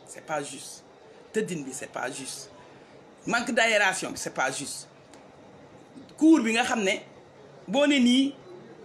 c'est pas juste tëddin bi c'est pas juste manque d'aération bi c'est pas juste cour bi nga xam ne boo ne nii.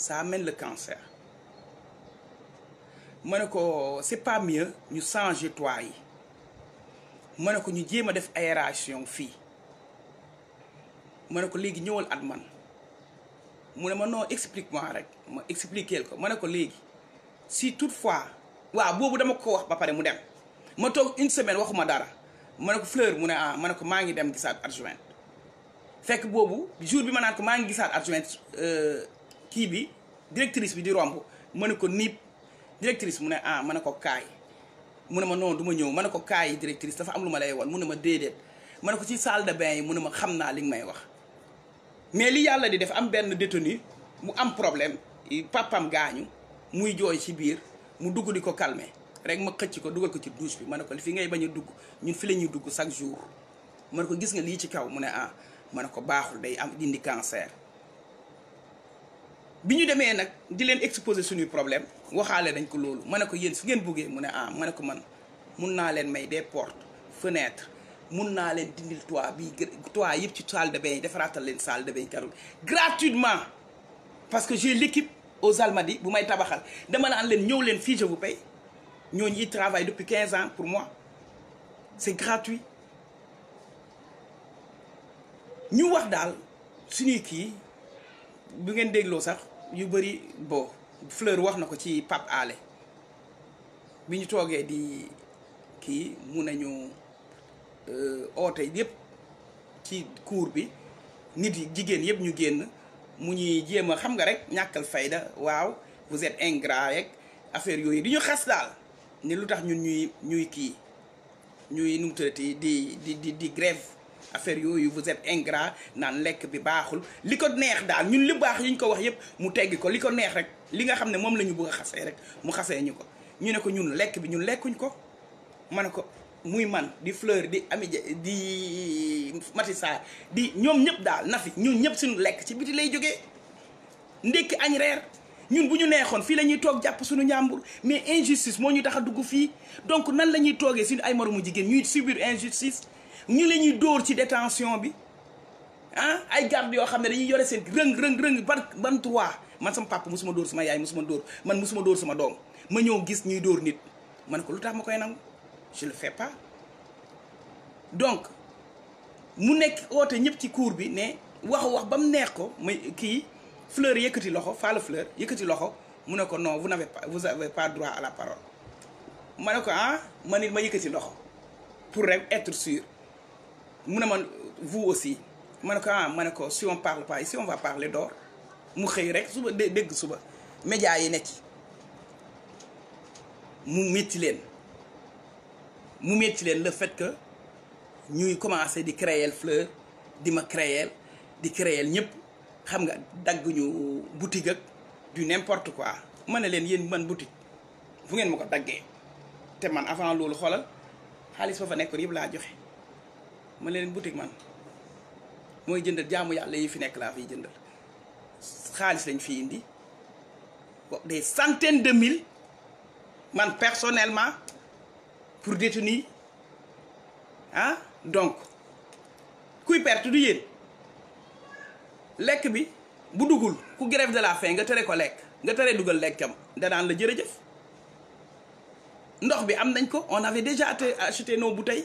ça amène le cancer ma ne ko c'est pas mieux ñu changer toit yi ma ne ko ñu jéem a def aération fii ma ne ko léegi ñëwal at man mu ne ma non explique rek ma expliquer ko ma ne ko léegi si fois waaw boobu dama ko wax ba pare mu dem ma toog une semaine waxuma dara ma ne ko fleur mu ne ah ma ne ko maa ngi dem gisaat adjoint fekk boobu jour bi ma naan ko maa ngi gisaat adjoint euh, kii bi directrice bi di romb ma ne ko niib directrice mu ne ah ma ne ko kaay mu ne ma non du ma ñëw ma ne ko kaay directrice dafa am lu ma lay woon mu ne ma déedéet ma ne ko ci salle de bain yi mu ne ma xam naa li nga may wax mais li yàlla di def am benn détenu mu am problème papam gaañu muy jooy ci biir mu dugg di ko calmer rek ma xëcc ko dugal ko ci douche bi ma ne ko fi ngay bañ a dugg ñun fi la ñuy dugg chaque jour ma ko gis nga lii ci kaw mu ne ah ma ne ko baaxul day am indi cancer biñu démé nak di exposer problème ko ko yeen su ngeen mu ah ko des fenêtres dindil toit bi toit de bain gratuitement parce que j'ai l'équipe aux Almadies bu may tabaxal dama Vous je vous paye yi travaille depuis 15 ans pour moi c'est gratuit ñu wax dal suñu ki bu ngeen sax yu bëri bo fleur wax na ko ci Pape Alé bi ñu toogee di kii mu nañu euh, oote yëpp ci cour bi nit yi jigéen yëpp ñu génn mu ñuy jéem a xam nga rek ñàkkal fayda waaw vous êtes ingrat rek affaire yooyu di ñu xas daal ni lu tax ñun ñuy ñuy kii ñuy numutati di di di di grève affaire yooyu vous êtes ingrat naan lekk bi baaxul li ko neex daal ñun li baax yi ñu ko wax yëpp mu teggi ko li ko neex rek li nga xam ne moom la ñu bëgg xasee rek mu xasee ñu ko ñu ne ko ñun lekk bi ñun lekkuñ ko ma ne ko muy man di fleur di ami di matisa di ñoom ñëpp daal na fi ñun ñëpp suñu lekk ci biti lay jógee ndékki añ reer ñun bu ñu neexoon fii la ñuy toog jàpp suñu njàmbur mais injustice moo ñu tax a dugg fii donc nan la ñuy toogee suñu ay moromu jigéen ñuy subir injustice ñu la ñuy dóor ci détention bi ah ay garde yo xamné dañuy yoré sen rëng rëng rëng ban ban trois man sama papa musuma dóor sama yaay musuma dóor man musuma dóor sama dom ma ñëw gis ñuy dóor nit ma ko lutax tax ma koy nangu je le fais pas donc mu nek wote ñep ci cour bi né wax wax bam neex ko ma kii fleur yëkëti loxo fa Falla fleur yëkëti loxo mu ne ko non vous n'avez pas vous avez pas droit à la parole mané ko ah man ma yëkëti loxo pour rek être sûr vous aussi ah, si on ne parle pas ici on va parler d'or mu rek suba dégg suba yi mu nous commençons mu créer le fait que ñuy commencer di créer fleur di ma créer di créer ñëpp xam nga ñu boutique n'importe quoi boutique fu ngeen avant man leen boutique man moy jëndal jaamu yi fi jëndal des centaines de mille man personnellement pour détenir hein. donc kuy perte du bi bu grève de la faim nga ko nga la on avait déjà acheté nos bouteilles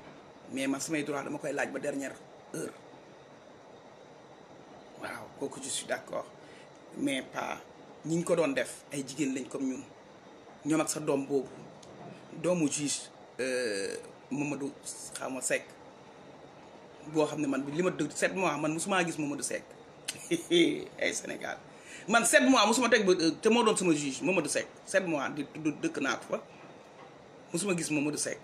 mais man samay droit dama koy laaj ba dernière heure waaw kooku je suis d'accord mais pas ñi ñu ko doon def ay jigéen lañ comme ñun ñoom ak sa doom boobu doomu juge euh, Mamadou xaw ma Seck boo xam ne man bi li ma dëgg sept mois man musuma gis Mamadou Seck ay Sénégal man sept mois musuma teg ba te ma doon sama juge Mamadou Seck sept mois di tudd dëkk naatu fa musuma gis Mamadou Seck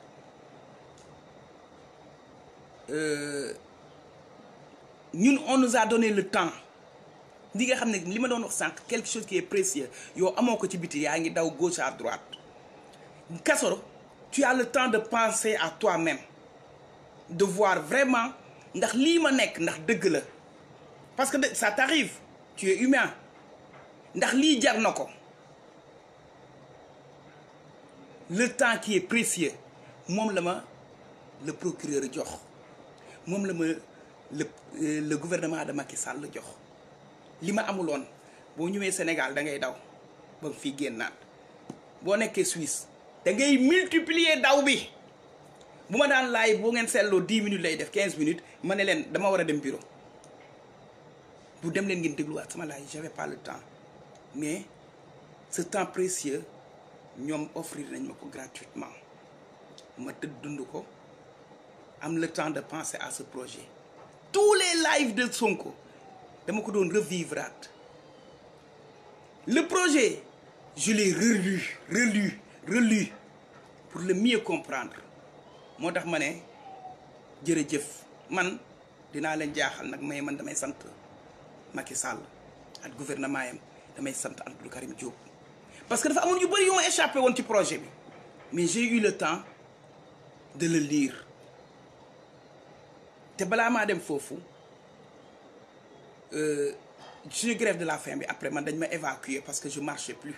Euh, nous, on nous a donné le temps Je nga que quelque chose qui est précieux yo amoo ci biti gauche à droite tu as le temps de penser à toi-même de voir vraiment ce qui ma le ndax parce que ça t'arrive tu es humain ndax lii jar le temps qui est précieux c'est la le procureur jox. moom la ma le euh, le gouvernement de Macky Sall jox li ma amuloon boo ñëwee Sénégal da ngay daw ba mu fii génnaat boo nekkee Suisse da ngay multiplier daw bi bu ma daan laay boo ngeen seetloo dix minutes lay def quinze minutes ma ne leen dama war a dem bureau bu dem leen ngeen dégluwaat sama laay j'avais pas le temps mais ce temps précieux ñoom offrir nañ ma ko gratuitement ma tëdd dund ko am le temps de penser à ce projet tous les lives de Sonko dama ko doon revivre le projet je l'ai relu relu relu pour le mieux comprendre moo je suis ne jërëjëf man dinaa leen jaaxal nag je man damay sant Macky Sall ak gouvernement yam damay sant Abdou Karim Diop parce que dafa amoon yu bëri yu ma échappé au ci projet mais j'ai eu le temps de le lire c'est à maa dem foofu une euh, grève de la faim mais après man dañ ma parce que je marchais plus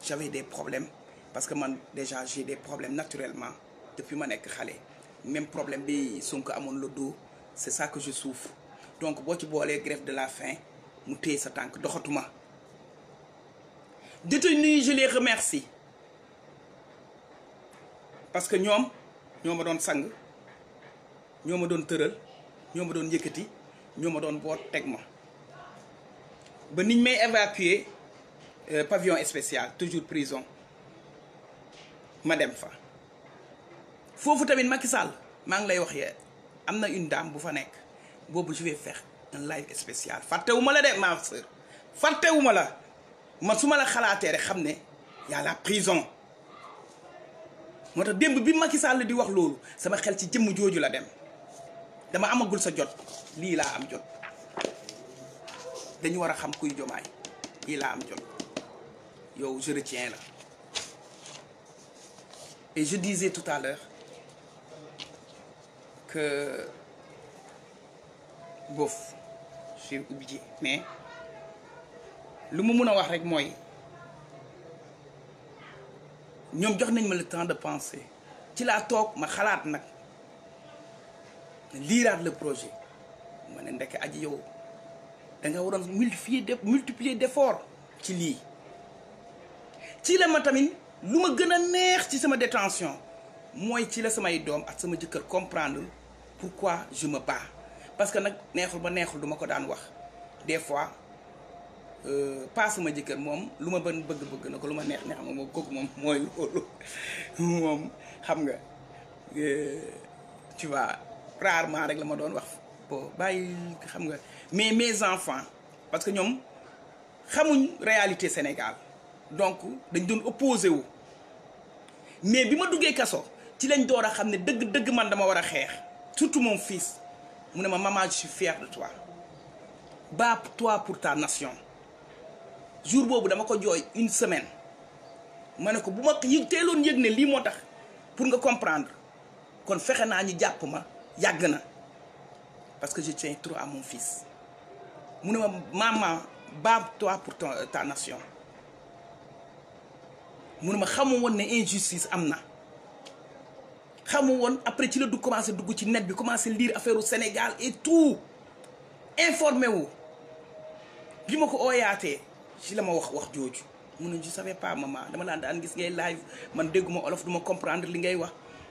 j'avais des problèmes parce que man déjà j'ai des problèmes naturellement depuis mon suis même problème ils sont à le dos c'est ça que je souffre donc tu ci la grève de la faim mu téye sa doxatuma toute nuit, je les remercie parce que nous, nous avons sang ñoo ma doon tëral ñoo ma doon yëkkati ñoo ma ba niñ may euh, pavillon spécial toujours prison ma dem fa foofu tamit Macky maa ngi lay wax ye une dame bu fa je vais faire un live spécial fàttewuma la de ma sœur fàttewuma la ma la xalaatee rek y a la prison moo tax démb bi Macky di wax loolu sama xel ci jëmm jooju la dem je ne sais pas si Je je retiens et je disais tout à l'heure que bof je suis obligé mais le moment où a wax rek nous le temps de penser ci ma Lire le projet Je ne dit que da multiplier multiplier d'effort ci ci la ma détention je ci la comprendre pourquoi je me bats parce que je neexul ba pas des fois euh, pas sama jëkkër moom ma bën bëgg-bëgg na pas des neex neex ne xam euh, tu vois rarement rek la ma doon wax bon bàyyi xam nga mais mes enfants parce que ñom xamuñ réalité Sénégal donc dañ doon opposé wu mais bima duggé kasso ci lañ doora xamné deug deug man dama wara a surtout mon fils mu ma maman je suis fier de toi bats-toi pour ta nation jour bobu dama ko jooy une semaine mané ko buma ma yegné li motax pour nga comprendre kon fexé naa ñu jàpp ma Yagna, parce que je tiens trop à mon fils maman bats-toi pour ton ta nation mu ne ne injustice amna na après tu le du commencer dugg ci net bi commencer lire affaire au Sénégal et tout informé ou bi ko oyaté ci la wax wax jooju mu ne je savais pas maman dama laa dan gis ngay live man dégguma olof duma comprendre li ngay wax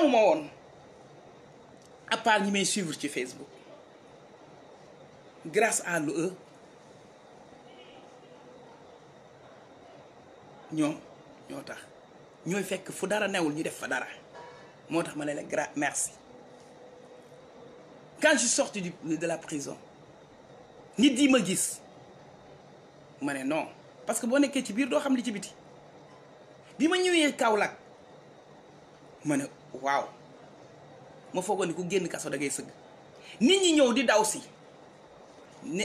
amuma woon à part ñi may suivre ci Facebook grâce à l'UE ñoom ñoo tax ñooy fekk fu dara newul ñu def fa dara moo tax ma merci quand je suis sorti de la prison ni yi ma gis ma non parce que boo nekkee ci biir doo xam li ci biti bi ma ñëwee Kaolack waaw ma foogoon ku génn kaso da ngay sëgg nit ñi ñëw di daw si ne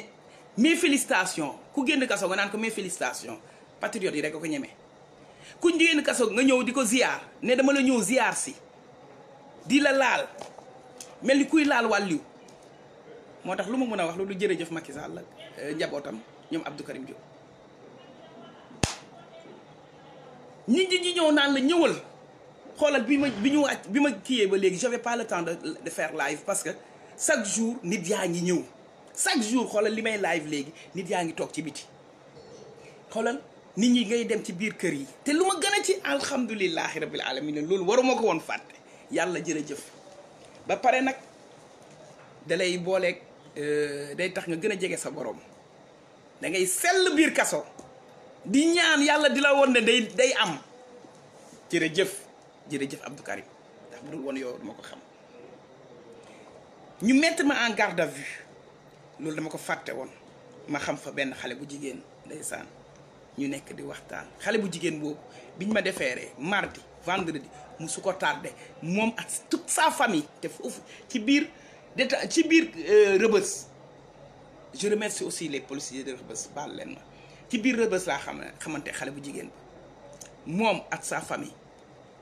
mes félicitations ku génn kaso nga naan ko mes félicitations patriotes yi rek ko ñemee ku génn kaso nga ñëw di ko ziar ne dama la ñëw ziar si di la laal mel ni kuy laal wàlliw moo tax lu ma mën a wax loolu jërëjëf Macky Sall euh, njabootam ñoom Abdou Karim Diop nit ñi ñëw naan la ñëwal. xoolal bi ma bi ñu ba léegi j'avais pas le temps de de faire live parce que chaque jour nit yaa ngi ñëw chaque jour xolal limay live légui nit yaa tok ci biti xolal nit ñi ngay dem ci biir kër yi té luma gëna ci alhamdulilahi rabbil alamin lool waruma won faté yalla yàlla jërëjëf ba pare nag dalay euh day tax nga gëna a sa borom da ngay sell biir kasso di ñaan yalla dila won né day day am jërëjëf jërëjëf Abdou Karim ndax bu won woon yow dama xam ñu mettre ma en garde à vue loolu dama ko faté won ma xam fa ben xalé bu jigen ndeysaan ñu nek di waxtaan xalé bu jigen boobu biñ ma déféré mardi vendredi mu suko tardé mom ak toute sa famille te foofu ci bir ci bir euh, rëbës je remercie aussi les policiers de rëbës ballen ci bir rëbës la xam xamanté xalé bu jigen mom moom ak sa famille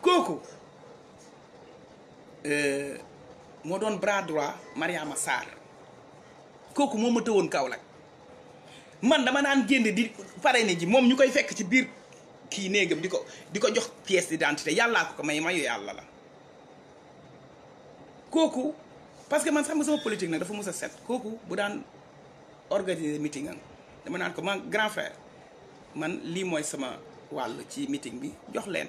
kooku euh, moo doon bras droit Mariama Sarr kooku moo ma tëwoon Kaolack man dama naan génn di pare ne ji moom ñu koy fekk ci biir kii néegam di ko di ko jox pièce d'identité yàllaa ko ko may mayu yàlla la kooku parce que man sax ma sama politique nag dafa mos a set kooku bu daan organiser meeting am dama naan ko man grand frère man lii mooy sama wàll ci meeting bi jox leen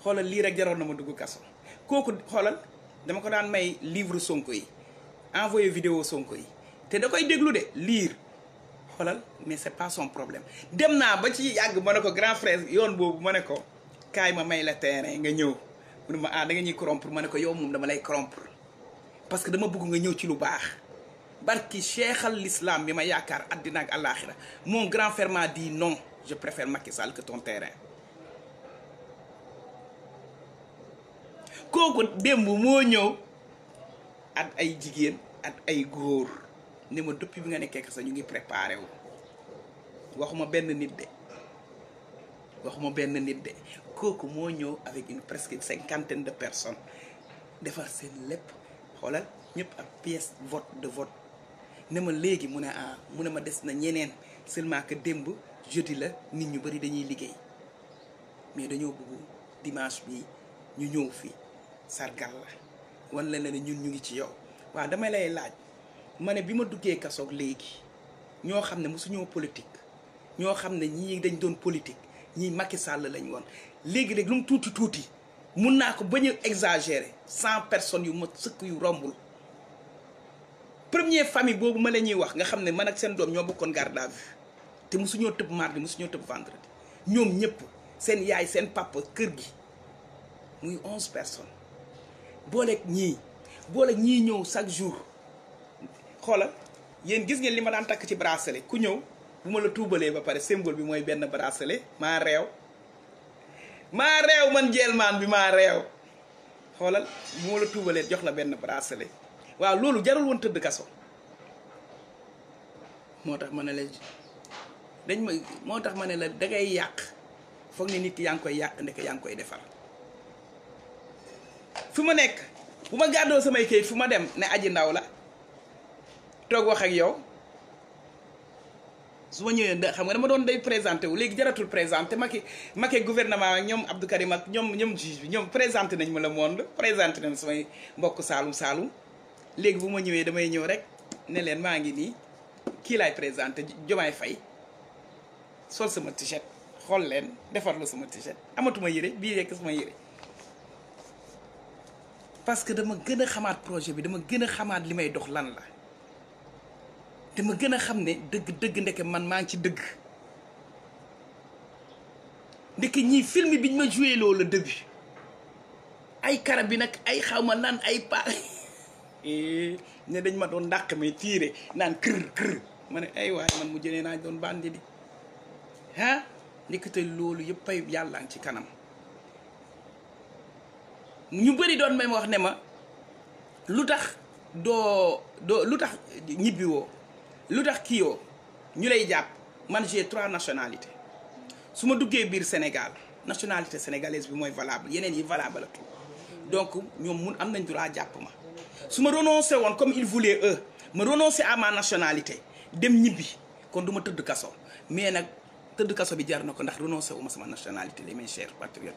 xoolal lire rek jaroon na ma dugg kasso kooku xoolal dama ko daan may livre sonko yi envoyé vidéo sonko yi te da koy déglu de lire xoolal mais c'est pas son problème dem naa ba ci yàgg ma ne ko grand frère yoon boobu ma ne ko kaay ma may la terrain nga ñëw mu ne ma ah da nga ñuy corrompre ma ne ko yow moom dama lay corrompre parce que dama bëgg nga ñëw ci lu baax barki cheikhal l'islam bi ma yaakaar addina ak àllaaxira mon grand frère m'a dit non je préfère Macky Sall que ton terrain koku démb mo ñew at ay jigen at ay goor ne ma depuis bi nga nekk kasa ñu ngi préparé wu waxuma ben nit de waxuma ben nit de koku mo ñew avec une presque cinquantaine de personnes defar sen lepp xolal ñep ak pièce vote de vote ne ma légui mu ne ah mu ne ma des na ñeneen seulement que démb jeudi la nit ñu bari dañuy liggéey mais dañoo bëgg dimanche bi ñu ñëw fii sargal la wan la ne ñun ñu ngi ci yow waaw damay lay laaj ma ne bi ma duggee kasoog léegi ñoo xam ne mosuñoo politique ñoo xam ne ñii dañ doon politique ñii Macky sàll lañ woon léegi rek lu mu tuuti tuuti mun naa ko bañ a exagérer cent personnes yu ma sëkk yu rombul première famille boobu ma la ñuy wax nga xam ne man ak seen doom ñoo bokkoon garde à vue te mosuñoo tëb mardi mosuñoo tëb vendredi ñoom ñëpp seen yaay seen papa kër gi muy onze personnes booleeg ñii booleeg ñii ñëw chaque jour xoola yéen gis ngeen li ma daan takk ci bracelet ku ñëw bu ma la tuubalee ba pare symbole bi mooy benn bracelet maa réew maa réew man jelmaan bi maa réew xoolal bu ma la tuubalee jox la benn bracelet waaw loolu jarul woon tëdd kaso moo tax ma ne la dañ ma moo tax ma ne la dangay yàq foog ne nit ki yaa ngi koy yàq ndeke yaa ngi koy defar fi ma nekk bu ma gàddoo samay kayit fu ma dem ne aji ndaw la toog wax ak yow su ma ñëwee xam nga dama doon day présenté wu léegi jaratul présenté Macky Macky gouvernement ak ñoom Abdou Karim ak ñoom ñoom juge bi ñoom présenté nañ ma le monde présenté nañ samay mbokk Saalum Saalum léegi bu ma ñëwee damay ñëw rek ne leen maa ngi nii kii laay présenté Diomaye fay sol sama t-shirt xool leen defar la sama t-shirt amatuma yére bii rekk sama yére parce que dama gën a xamaat projet bi dama gën a xamaat li may dox lan la dama gën a xam ne dëgg dëgg ndeke man maa ngi ci dëgg ndeke ñii film biñ ma joué loo la dëgg ay karab bi nag ay xawma naan ay pa eh, ne dañ ma doon ndàq mais tiire naan kër kër ma ne ay waay man mu jëlee naa doon bandi di ah loolu yëpp ay yàlla ci kanam ñu bari doon may wax ne ma lutax do do lutax lu tax ñibbi woo lu tax kii ñu lay japp man j'ai trois nationalités suma duggé bir biir Sénégal nationalité sénégalaise bi moy valable yenen yi valable tout donc ñom mu am nañ droit japp ma suma ma renoncé woon comme ils voulaient eux me renoncer à ma nationalité dem ñibbi kon duma ma kasso mais nak tëdd kasso bi jar na ndax renoncé wu ma sama nationalité les mes chers patriotes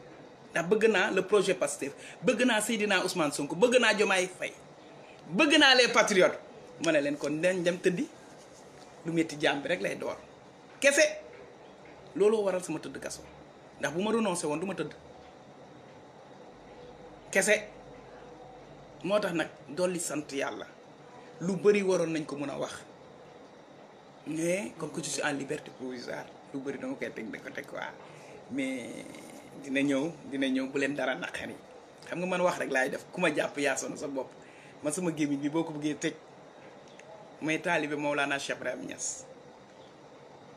ndax bëgg naa le projet Pastef bëgg naa Seydina Ousmane Sonko bëgg naa Diomaye fay bëgg naa les patriotes ma ne leen kon nañ dem tëddi lu metti jaam bi rek lay door kese looloo waral sama tëdd kaso ndax bu ma renoncé woon du ma tëdd kese moo tax nag dolli sant yàlla lu bëri waroon nañ ko mën a wax mais comme que je suis en liberté provisoire lu bëri dama koy teg da ko teg quoi mais dina ñëw dina ñëw bu leen dara naqari xam nga man wax rek laay def ku ma jàpp yaasoon sa bopp ma sama gémmiñ bi boo ko bëggee tëj may taalibe Mawlana Cheikh Ibrahim Niass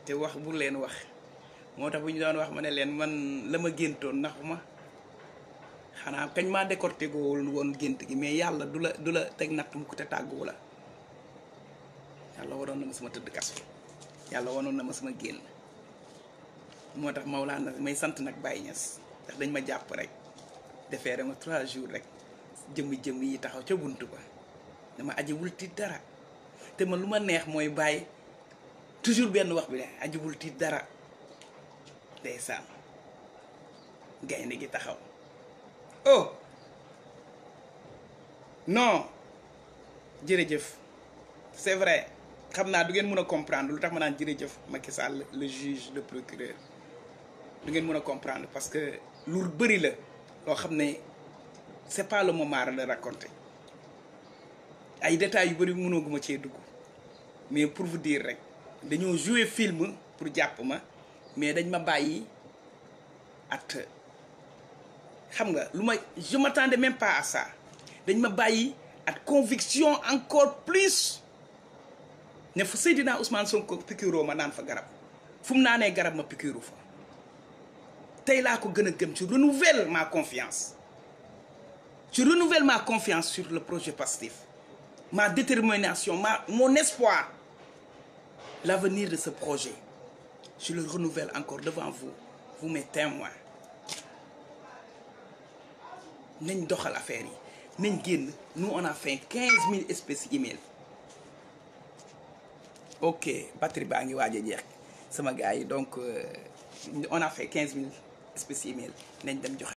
te wax bu leen wax moo tax bu ñu daan wax ma ne leen man la ma géntoon naxu ma xanaa kañ maa décorté goowul woon gént gi mais yàlla du la du la teg natt mu ko te tàgguwu la yàlla waroon na ma sama tëdd kaso yàlla wanoon na ma sama génn moo tax Maolana may sant nag Baye Niass ndax dañ ma jàpp rek defeere ma trois jours rek jëmmi jëmmi yi taxaw ca bunt ba dama ajiwul tiit dara te ma lu ma neex mooy Baye toujours benn wax bi ne ajiwul tiit dara ndeysaan gaynde gi taxaw oh non jërëjëf c'est vrai xam naa du ngeen mën a comprendre lu tax ma naan jërëjëf ma Macky Sall le juge le procureur du ngeen comprendre parce que lu bëri la lo xamné c'est pas le moment de raconter ay détails yu bëri mënooguma ci dugg mais pour vous dire rek dañoo jouer film pour jàpp ma mais dañ ma bayyi at xam nga lu je m'attendais même pas à ça dañ ma bayyi at conviction encore plus ne fu Seydina Ousmane Sonko piqûro ma nan fa garab fum nané garab ma piqûru fa tu tu ma confiance tu renouvelles ma confiance sur le projet Pastif ma détermination mon espoir l'avenir de ce projet je le renouvelle encore devant vous vous mes témoins nous on a fait 15 000 espèces email ok batterie est donc euh, on a fait 15 000 espèce yi mel nañ dem joxe.